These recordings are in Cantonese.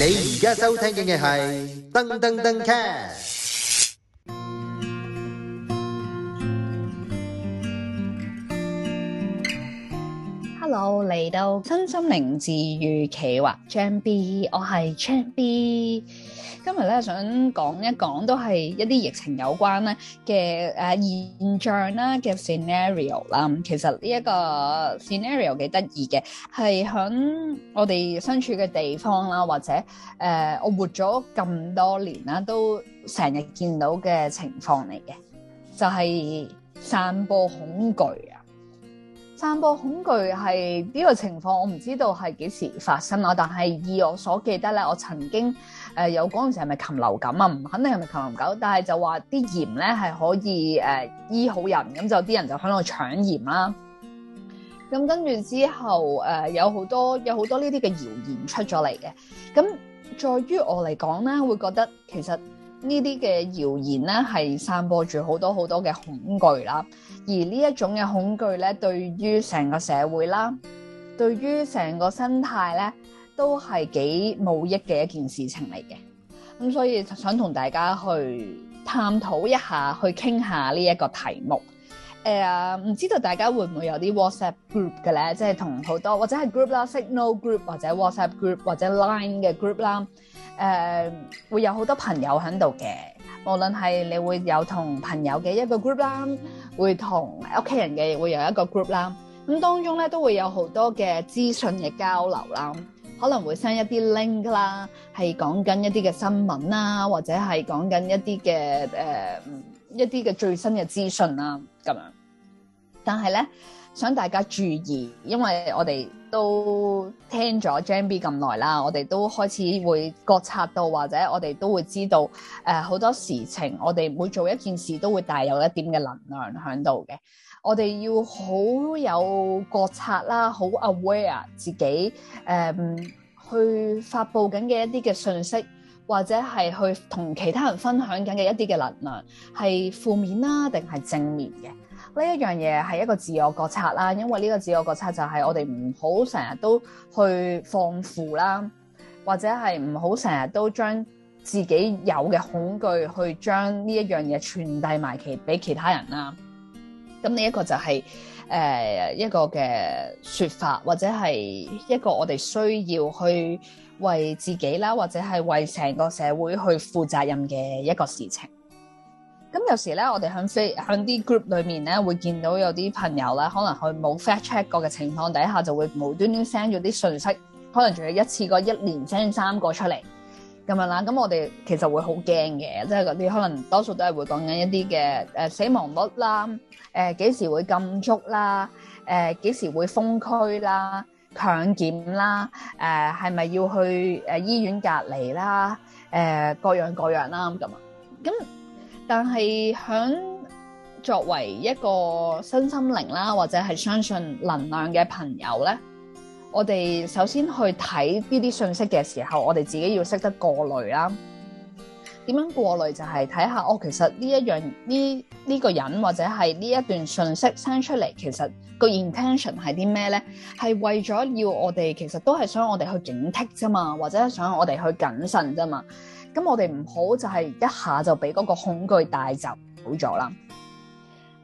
你而家收聽嘅係《噔噔噔 c a s hello，嚟到身心靈治愈企劃，Jam B，我係 Jam B，今日咧想講一講都係一啲疫情有關咧嘅誒現象啦嘅 scenario 啦。其實呢一個 scenario 幾得意嘅，係響我哋身處嘅地方啦，或者誒、呃、我活咗咁多年啦，都成日見到嘅情況嚟嘅，就係、是、散播恐懼啊。散播恐懼係呢個情況，我唔知道係幾時發生啊。但係以我所記得咧，我曾經誒、呃、有嗰陣時係咪禽流感啊？唔肯定係咪禽流感，但係就話啲鹽咧係可以誒、呃、醫好人，咁就啲人就喺度搶鹽啦。咁跟住之後誒、呃，有好多有好多呢啲嘅謠言出咗嚟嘅。咁在於我嚟講咧，會覺得其實，呢啲嘅謠言咧，係散播住好多好多嘅恐懼啦，而呢一種嘅恐懼咧，對於成個社會啦，對於成個生態咧，都係幾冇益嘅一件事情嚟嘅。咁所以想同大家去探討一下，去傾下呢一個題目。誒、呃、唔知道大家會唔會有啲 WhatsApp group 嘅咧，即係同好多或者係 Group 啦、Signal Group 或者 WhatsApp Group 或者 Line 嘅 group 啦。誒、uh, 會有好多朋友喺度嘅，無論係你會有同朋友嘅一個 group 啦，會同屋企人嘅會有一個 group 啦。咁當中咧都會有好多嘅資訊嘅交流啦，可能會 send 一啲 link 啦，係講緊一啲嘅新聞啦，或者係講緊一啲嘅誒一啲嘅最新嘅資訊啦咁樣。但係咧，想大家注意，因為我哋都聽咗 Gemini 咁耐啦，我哋都開始會覺察到，或者我哋都會知道，誒、呃、好多事情，我哋每做一件事都會帶有一點嘅能量喺度嘅。我哋要好有覺察啦，好 aware 自己誒、呃、去發布緊嘅一啲嘅信息，或者係去同其他人分享緊嘅一啲嘅能量，係負面啦定係正面嘅。呢一樣嘢係一個自我覺察啦，因為呢個自我覺察就係我哋唔好成日都去放負啦，或者係唔好成日都將自己有嘅恐懼去將呢一樣嘢傳遞埋其俾其他人啦。咁呢、就係呃、一個就係誒一個嘅説法，或者係一個我哋需要去為自己啦，或者係為成個社會去負責任嘅一個事情。咁有時咧，我哋喺飛喺啲 group 裏面咧，會見到有啲朋友呢，可能佢冇 fact check 過嘅情況底下，就會無端端 send 咗啲信息，可能仲有一次過一連 send 三個出嚟咁樣啦。咁我哋其實會好驚嘅，即係嗰啲可能多數都係會講緊一啲嘅、呃、死亡率啦、呃、幾時會禁足啦、呃、幾時會封區啦、強檢啦、呃、係咪要去誒醫院隔離啦、呃、各樣各樣啦咁。咁但係喺作為一個身心靈啦，或者係相信能量嘅朋友咧，我哋首先去睇呢啲信息嘅時候，我哋自己要識得過濾啦。點樣過濾就係睇下，哦，其實呢一樣呢呢、這個人或者係呢一段信息生出嚟，其實個 intention 係啲咩咧？係為咗要我哋，其實都係想我哋去警惕啫嘛，或者想我哋去謹慎啫嘛。咁我哋唔好就係一下就俾嗰個恐懼帶走好咗啦。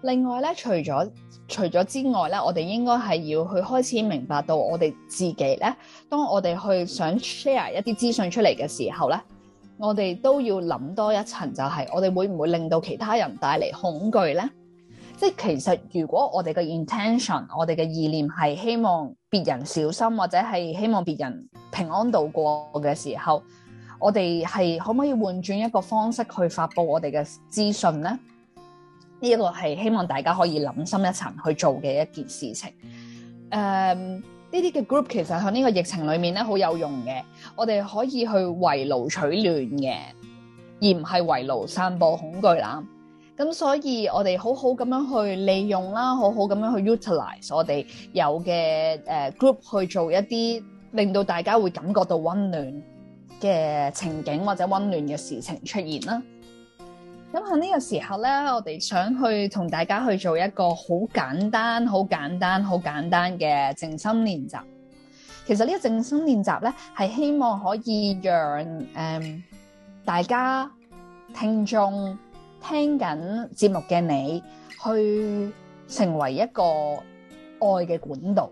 另外咧，除咗除咗之外咧，我哋應該係要去開始明白到我哋自己咧。當我哋去想 share 一啲資訊出嚟嘅時候咧，我哋都要諗多一層，就係我哋會唔會令到其他人帶嚟恐懼咧？即係其實如果我哋嘅 intention，我哋嘅意念係希望別人小心，或者係希望別人平安度過嘅時候，我哋係可唔可以換轉一個方式去發布我哋嘅資訊呢？呢、呢、一個係希望大家可以諗深一層去做嘅一件事情。誒、嗯，呢啲嘅 group 其實喺呢個疫情裏面咧好有用嘅，我哋可以去圍爐取暖嘅，而唔係圍爐散播恐懼啦。咁所以我哋好好咁樣去利用啦，好好咁樣去 utilize 我哋有嘅 group 去做一啲令到大家會感覺到温暖。嘅情景或者温暖嘅事情出現啦，咁喺呢個時候咧，我哋想去同大家去做一個好簡單、好簡單、好簡單嘅靜心練習。其實這個呢個靜心練習咧，係希望可以讓誒、嗯、大家聽眾聽緊節目嘅你，去成為一個愛嘅管道。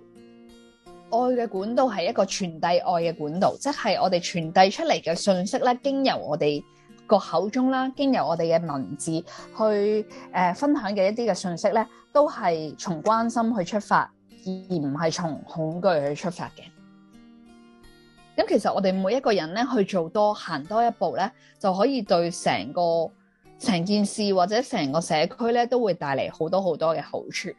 愛嘅管道係一個傳遞愛嘅管道，即係我哋傳遞出嚟嘅信息咧，經由我哋個口中啦，經由我哋嘅文字去誒分享嘅一啲嘅信息咧，都係從關心去出發，而唔係從恐懼去出發嘅。咁其實我哋每一個人咧去做多行多一步咧，就可以對成個成件事或者成個社區咧，都會帶嚟好多好多嘅好處。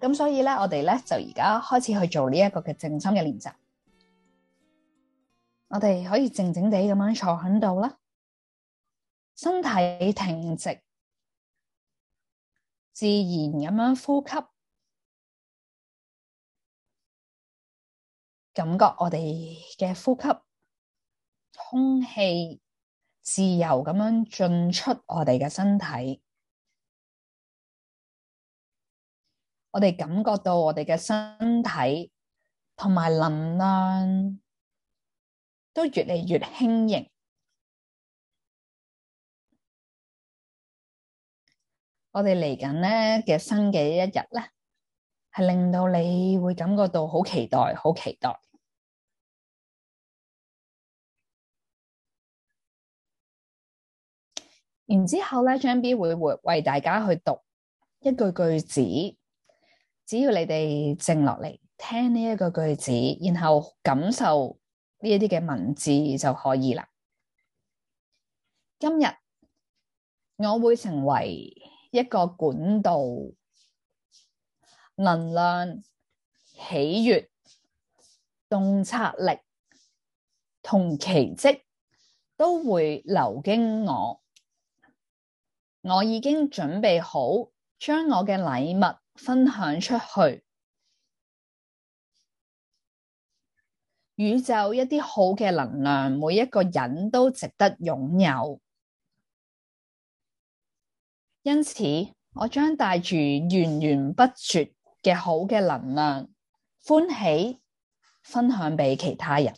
咁所以咧，我哋咧就而家開始去做呢一個嘅靜心嘅練習。我哋可以靜靜地咁樣坐喺度啦，身體挺直，自然咁樣呼吸，感覺我哋嘅呼吸，空氣自由咁樣進出我哋嘅身體。我哋感覺到我哋嘅身體同埋能量都越嚟越輕盈。我哋嚟緊咧嘅新嘅一日咧，係令到你會感覺到好期待，好期待。然之後咧，張 B 會為大家去讀一句句子。只要你哋靜落嚟，聽呢一個句子，然後感受呢一啲嘅文字就可以啦。今日我會成為一個管道，能量、喜悅、洞察力同奇蹟都會流經我。我已經準備好將我嘅禮物，分享出去，宇宙一啲好嘅能量，每一個人都值得擁有。因此，我將帶住源源不絕嘅好嘅能量，歡喜分享俾其他人。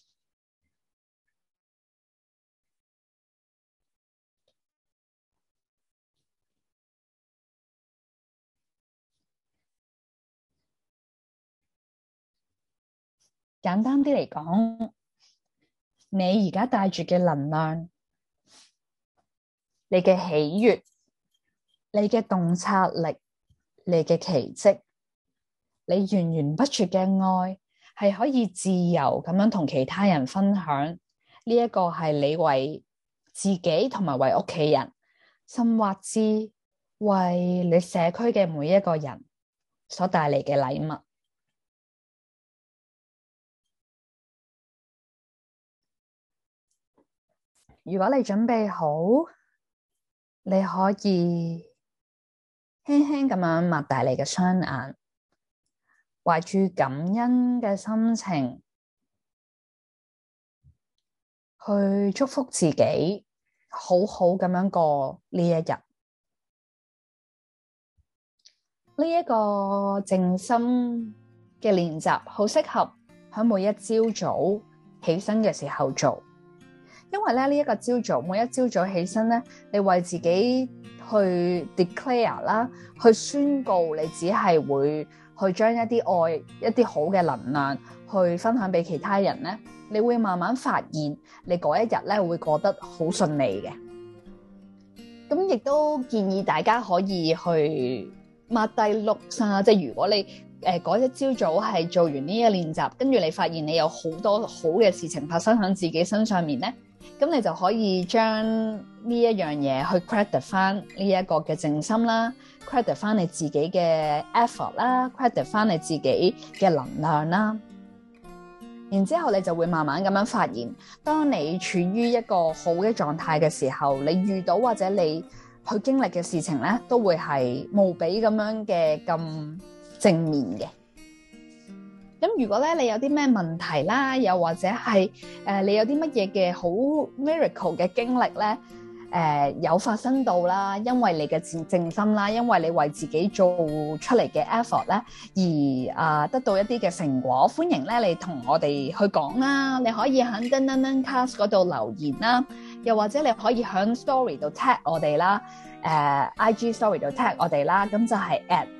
簡單啲嚟講，你而家帶住嘅能量，你嘅喜悅，你嘅洞察力，你嘅奇蹟，你源源不絕嘅愛，係可以自由咁樣同其他人分享。呢一個係你為自己同埋為屋企人，甚或之為你社區嘅每一個人所帶嚟嘅禮物。如果你準備好，你可以輕輕咁樣擘大你嘅雙眼，懷住感恩嘅心情去祝福自己，好好咁樣過呢一日。呢一個靜心嘅練習好適合喺每一朝早起身嘅時候做。因為咧呢一、呢個朝早，每一朝早起身咧，你為自己去 declare 啦，去宣告你只係會去將一啲愛、一啲好嘅能量去分享俾其他人咧，你會慢慢發現你嗰一日咧會過得好順利嘅。咁亦都建議大家可以去抹低六曬，即係如果你誒嗰、呃、一朝早係做完呢一個練習，跟住你發現你有好多好嘅事情發生喺自己身上面咧。咁你就可以將呢一樣嘢去 credit 翻呢一個嘅正心啦，credit 翻你自己嘅 effort 啦，credit 翻你自己嘅能量啦。然之後你就會慢慢咁樣發現，當你處於一個好嘅狀態嘅時候，你遇到或者你去經歷嘅事情咧，都會係無比咁樣嘅咁正面嘅。咁如果咧你有啲咩問題啦，又或者係誒你有啲乜嘢嘅好 miracle 嘅經歷咧，誒有發生到啦，因為你嘅自信心啦，因為你為自己做出嚟嘅 effort 咧而啊得到一啲嘅成果，歡迎咧你同我哋去講啦，你可以喺 DingDingDingcast 嗰度留言啦，又或者你可以喺 Story 度 tag 我哋啦，誒 IG Story 度 tag 我哋啦，咁就係 at。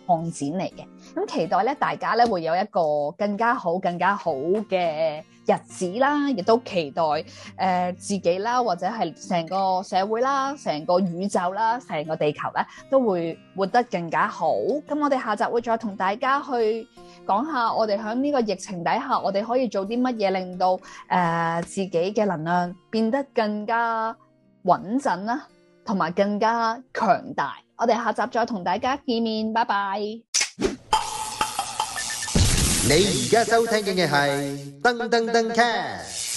擴展嚟嘅，咁期待咧，大家咧會有一個更加好、更加好嘅日子啦，亦都期待誒自己啦，或者係成個社會啦、成個宇宙啦、成個地球咧，都會活得更加好。咁我哋下集會再同大家去講下，我哋喺呢個疫情底下，我哋可以做啲乜嘢令到誒自己嘅能量變得更加穩陣啦。同埋更加強大，我哋下集再同大家見面，拜拜。你而家收聽嘅係噔噔噔卡。